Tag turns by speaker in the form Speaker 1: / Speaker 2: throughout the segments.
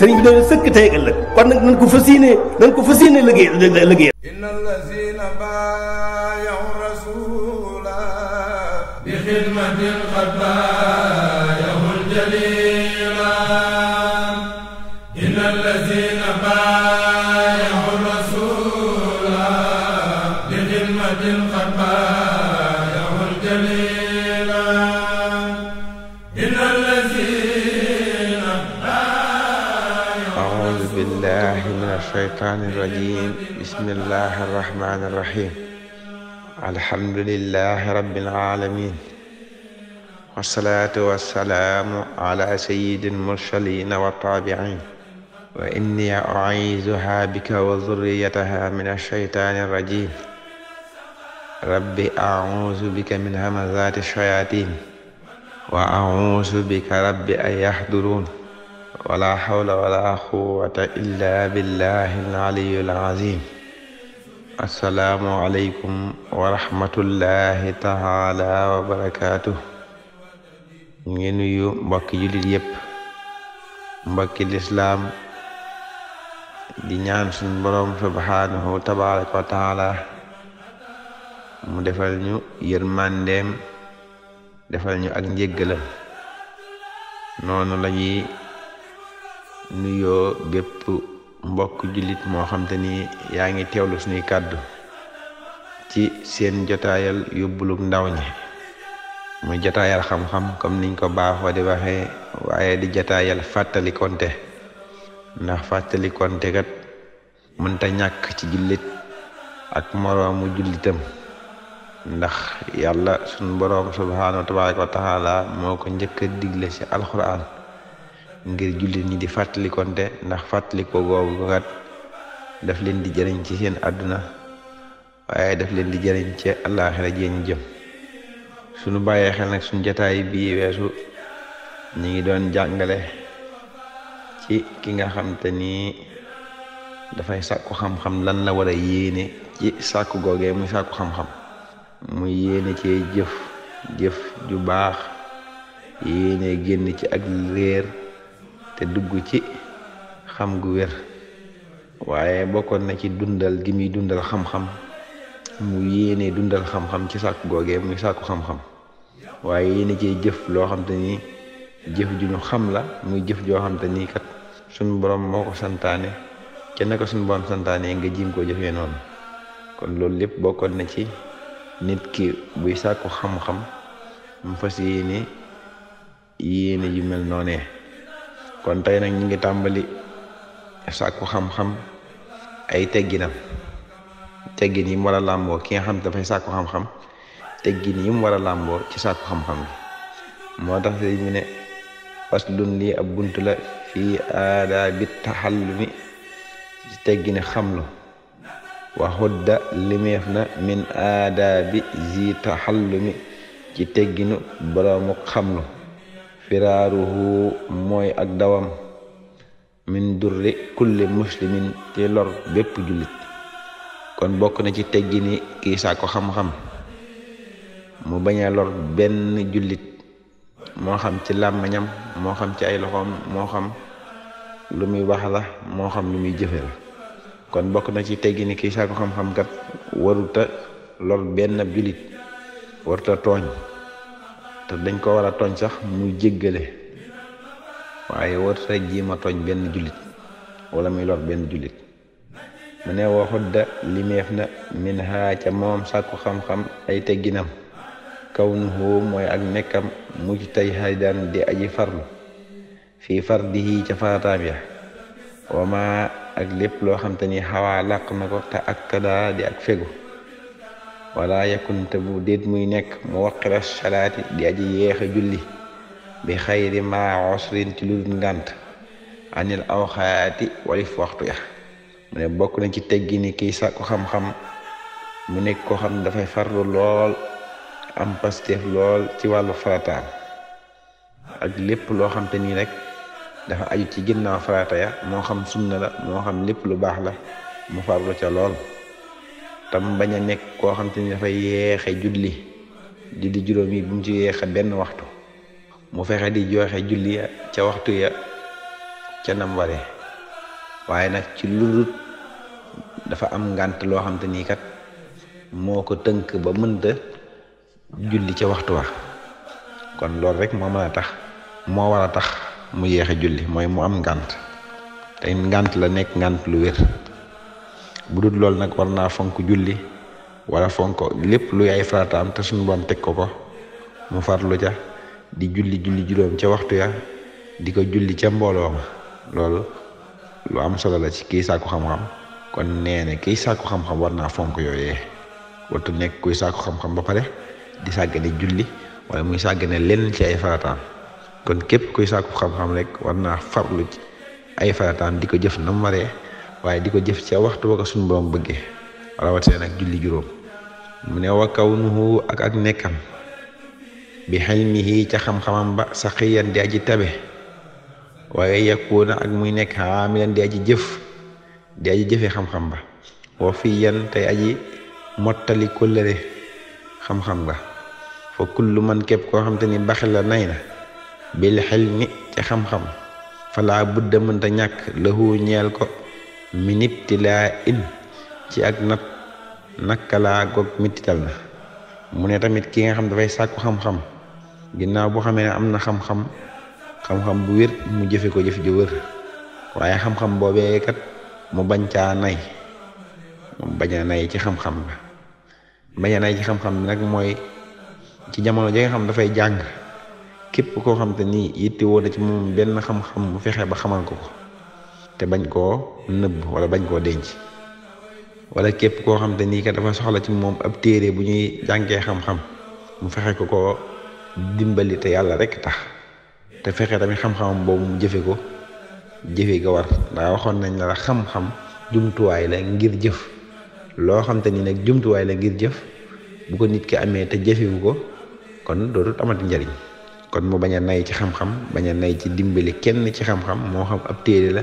Speaker 1: sëriñ bi dañu sëkk tey ëllëg kon nag nañ ko fas yéene nañ ko fas yéene liggéey liggéey inna allazina baayahu rasula bi xidmatin qad baayahu aljalila الشيطان الرجيم بسم الله الرحمن الرحيم الحمد لله رب العالمين والصلاة والسلام على سيد المرسلين والطابعين وإني أعيذها بك وذريتها من الشيطان الرجيم رب أعوذ بك من همزات الشياطين وأعوذ بك رب أن يحضرون wala xawla wala quwwata illa billahi aliyul azim assalaamu aleykum wa taala wa barakaatu nuyu mbokki jullit yépp mbokki lislaam di ñaan suñ boroom subhaanahu tabaraka wa mu defal ñu yërmandeem defal ñu ak njéggalam noonu lañuy nuyoo bépp mbokk jullit moo xam te ni yaa ngi teewlu suñuy kàddu ci seen jotaayal yóbbulug ndaw ñi muy jotaayal xam-xam comme niñ ko baaxoo di waxee waaye di jotaayal fàttali ndax fàttali konte kat mënta ñàkk ci jullit ak moroomu jullitam ndax yàlla sunu boroom subhaanahu tabaaraka wa taala moo ko njëkk a digle ci alxuraan ngir jullit ñi di fàttalikonte ndax fàttaliko googu kat def leen di jëriñ ci seen àdduna waaye def leen di jëriñ ci àllaaxira jéen jëm suñu bàyyee xel nag suñu jataay bii weesu ñi ngi doon jàngale ci ki nga xam te ni dafay sàkku xam-xam lan la war a ci sàkku googee muy sàkku xam-xam muy yéene cee jëf jëf ju baax yéene génn ci ak réer te dugg ci xam gu wér waaye bokkoon na ci dundal gi muy dundal xam-xam mu yéene dundal xam-xam ci sàkku googe muy sàkku xam-xam waaye yéene ci jëf loo xam te ni jëf ju ñu xam la muy jëf joo xam te ni kat suñu borom moo ko santaane ca naka suñu borom nga jiim koo jëfee noonu kon loolu lépp bokkoon na ci nit ki buy sàkku xam-xam mu fas yéene yéene yu mel noonee kon tey nag ñu ngi tàmbali sàkku xam-xam ay tegginam teggin yi mu war a làmboo ki nga xam dafay sàkku xam-xam teggin yi mu war a làmboo ci sàkku xam-xam bi moo tax fi ñu ne faslun lii ab bunt la fii aadaabi taxallumi ci teggini xamlu wa xudda limeef na min aadaabi zi taxallumi ci tegginu boroomu xamlu firaaruhu mooy ak dawam min durri kulli muslimin ci lor bépp jullit kon bokk na ci teggini kii saako xam-xam mu bañ a lor benn jullit moo xam ci làmmiñam moo xam ci ay loxoom moo xam lu muy wax la moo xam lu muy jëfe kon bokk na ci teggini kii saako xam-xam kat waruta lor benn jullit waruta tooñ te dañ ko war a tooñ sax muy jéggale waaye warta jéem a tooñ benn jullit wala muy lor benn jullit mu ne waxut limeef na min haa ca moom sàkku xam-xam ay tegginam kaw nu xóo mooy ak nekkam mucc tey xaydaan di aji farlu fii far di yii ya wama ak lépp loo xam te ni xawaa làkk na ko te ak kadaa di ak fegu wala yakun te bu déet muy nekk mu waqira salaati di aji yeex a julli bi xayri ma osrin ci lu dul ngànt anil awxaati walif waxtu ya mu ne bokk na ci teggi kii sàkku xam mu nekk koo xam ne dafay farlu lool am lool ci wàllu farataam ak lépp loo xam te nii rek dafa aju ci ginnaaw farata ya moo xam sunna la moo xam lépp lu baax la mu farlu ca lool tam bañ a nekk koo xam te ni dafay yeexe julli julli juróom yi bu mu ci yeexe benn waxtu mu fexe di joxe julli ya ca waxtu ya ca nam waree waaye nag ci lurut dafa am ngànt loo xam te nii kat moo ko tënk ba mënta julli ca waxtu wa kon loolu rek moo mën a tax moo war a tax mu yeexe julli mooy mu am ngànt te ngànt la nekk ngànt lu wér bu dul loolu nag war naa fonk julli wala fonk lépp lu yaay farataam te suñu borom teg ko ko mu farlu ca di julli julli juróom ca waxtu ya di ko julli ca mbooloo loolu lu am solo la ci kii sàkku xam-xam kon nee na kii sàkku xam war naa fonk yooyee wartu nekk kuy sàkku xam-xam ba pare di sàggane julli wala muy ne lenn ci ay farataam kon képp kuy saaku xam-xam rek war naa farlu ci ay farataam di ko jëf na mu waree waaye di ko jëf ca waxtu wa ko suñu boom bëggee rawatina nag julli juróom mu ne wa kawnuhu ak ak nekkam bi xelmihi ca xam-xamam ba saqiyan di aji tabe waaye yakuna ak muy nekk xaamilan di aji jëf di jëfe xam-xam ba wa fiyan tey aji mottali kóllëre xam-xam ba fa kullu man képp koo xam te ni baxi la nay na bil xelmi ca xam-xam falaa budda mënta ñàkk lahu ñeel ko ti minibtilaa in ci ak nat nakkalaa goog mittital na mu ne tamit ki nga xam dafay sàkku xam-xam ginnaaw boo xamee ne am na xam-xam xam bu wér mu jëfe ko jëf ju wér waaye xam-xam boobee kat mu bañ caa nay moom bañ a nay ci xam-xam la bañ a nay ci xam-xam bi nag mooy ci jamono ji nga xam dafay jàng képp koo xam te ni yittewoo na ci moom benn xam-xam mu fexe ba xamal ko ko te bañ koo nëbb wala bañ koo denc wala képp koo xam te nii kat dafa soxla ci moom ab téere bu ñuy jàngee xam-xam mu fexe ko ko dimbali te yàlla rek tax te fexe tamit xam-xamam boobu mu jëfe ko jëfe ko war ndax waxoon nañ la xam jumtuwaay la ngir jëf loo xam ni nag jumtuwaay la ngir jëf bu ko nit ki amee te jëfewu ko kon dootul amati njariñ kon mu bañ a nay ci xam-xam bañ a nay ci dimbali kenn ci xam-xam moo xam ab téere la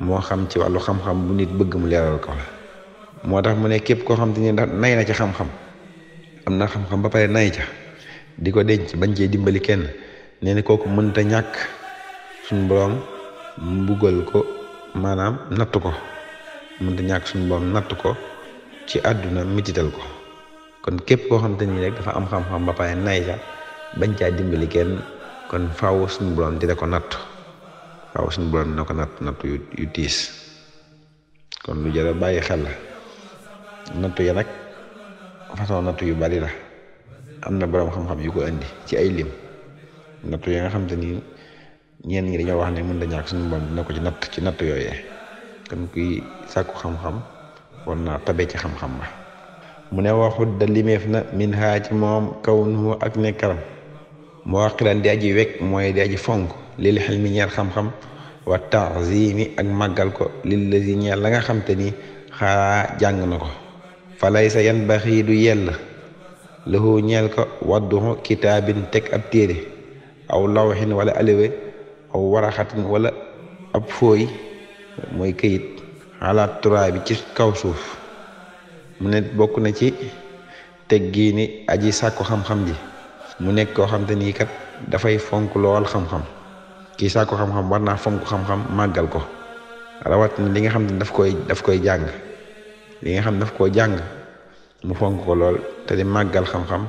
Speaker 1: moo xam ci wàllu xam-xam bu nit bëgg mu leeral ko moo tax mu ne képp koo xam te ni nay na ci xam-xam am na xam-xam ba pare nay ca di ko denc bañ cee dimbali kenn nee na kooku mënta ñàkk suñu borom mbugal ko maanaam natt ko mënta ñàkk suñu borom natt ko ci àdduna mitital ko kon képp koo xam te ni rek ba pare nay ca caa dimbali kenn kon faaw suñu borom di ko natt faaw suñu borom dina ko natt natt yu tiis kon lu jar bàyyi xel la natt yi nag façon nattu yu bari la am na borom xam-xam yu ko indi ci ay lim natt yi nga xam te ni ñenn ñi dañoo wax ne mën da ñàkk suñu borom dina ko ci natt ci natt yooyee kon ki sàkku xam-xam war naa tabe ci xam-xam ba mu ne waxut da limeef na min xaa moom kaw nu ak nekkaram moo waqilan di aji wekk mooy di aji fonk lil xilmi ñeel xam-xam wa taazimi ak màggal ko lillazi ñeel la nga xam te ni xaa jàng na ko falay sa yan baxii du yell lahu ñeel ko wadduhu kitaabin teg ab téere aw lawxin wala aliwe aw waraxatin wala ab fooy mooy këyit xalaat turaa bi ci kaw suuf mu ne bokk na ci teggiini aji sàkku xam-xam mu nekk koo xam te nii kat dafay fonk lool xam-xam kii saako xam-xam war naa fonk xam-xam màggal ko rawat na li nga xam te ne daf koy daf koy jàng li nga xam daf koo jàng mu fonk ko lool te di màggal xam-xam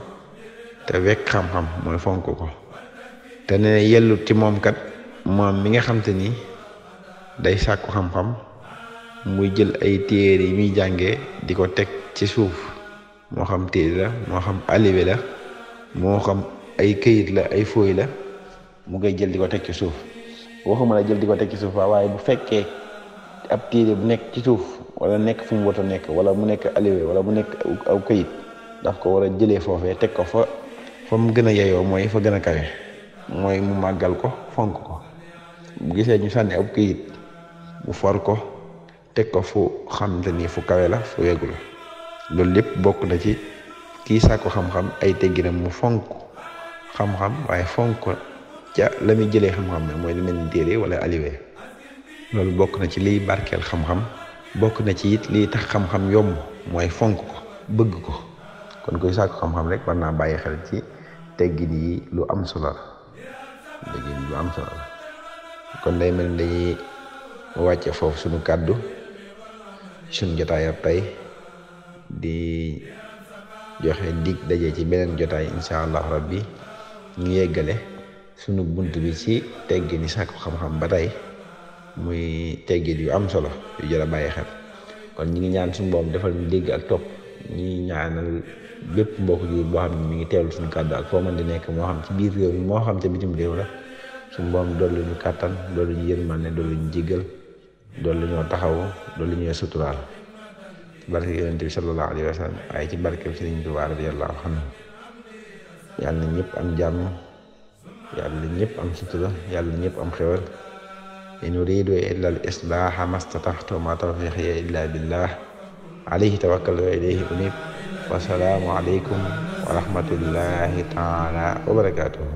Speaker 1: te wekk xam-xam mooy fonk ko te ne yellut ci moom kat moom mi nga xam te ni day sàkku xam-xam muy jël ay téere yi muy jànge di ko teg ci suuf moo xam téere la moo xam aliwe la moo xam ay këyit la ay fooy la mu ngay jël di ko teg ci suuf waxuma la jël di ko teg ci suuf waaye bu fekkee ab téere bu nekk ci suuf wala nekk fu mu war a nekk wala mu nekk aliwe wala mu nekk aw kayit daf ko war a jëlee foofee teg ko fa mu gën a yeyoo mooy fa gën a kawe mooy mu màggal ko fonk ko mu gisee ñu sànni ab kayit mu for ko teg ko fu xam te ni fu kawe la fu weggu la loolu lépp bokk na ci kii sàkku xam-xam ay tegginam mu fonk xam-xam waaye fonk ca la muy jëlee xam-xam ne mooy lu mel ni téere wala aliwe loolu bokk na ci liy barkeel xam-xam bokk na ci it liy tax xam-xam yomb mooy fonk ko bëgg ko kon koy sàkku xam-xam rek war naa bàyyi xel ci teggin yi lu am solo lu am kon day mel ni dañuy wàcce foofu suñu kàddu suñ jotaay ab tey di joxe digg daje ci beneen jotaay incha allah rabbi ñu yeggale sunu bunt bi ci teggin yi sàkku xam-xam ba tey muy teggin yu am solo yu jar a bàyyi xel kon ñi ngi ñaan suñu boom defal ñu dégg ak topp ñi ñaanal bépp mbokk ji mi ngi teewlu suñu kàddu ak foo mën di nekk moo xam ci biir réew mi moo xam ci bitim réew la su mboom dolli ñu kàttan dolli ñu ne dolli ñu jéggal dolli ñoo taxaw dolli ñoo suturaal barke yonent bi sallallahu alayhi wa sallam ay ci barke bi Sëriñ Tuubaa radiyallahu anhu yàlla na ñëpp am jàmm yàlla ñëpp am sutura yàlla ñëpp am xewal in uridu illa al islaaha mastataxtu ma tawfiqiya illa billah alayhi tawakkaltu wa ilayhi unib wasalaamu aleykum wa rahmatullahi taala wa barakatuhu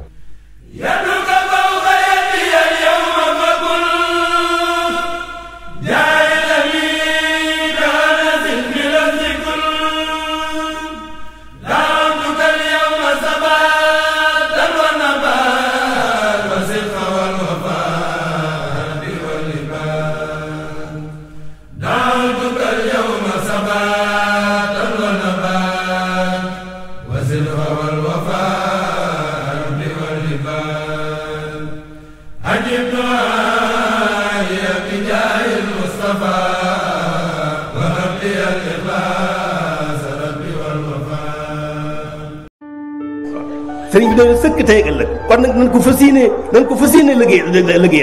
Speaker 1: sëriñ bi dana sëkk tey ëllëg kon nag nañ ko fas yéenee nañ ko fas yéenee liggéey liggéey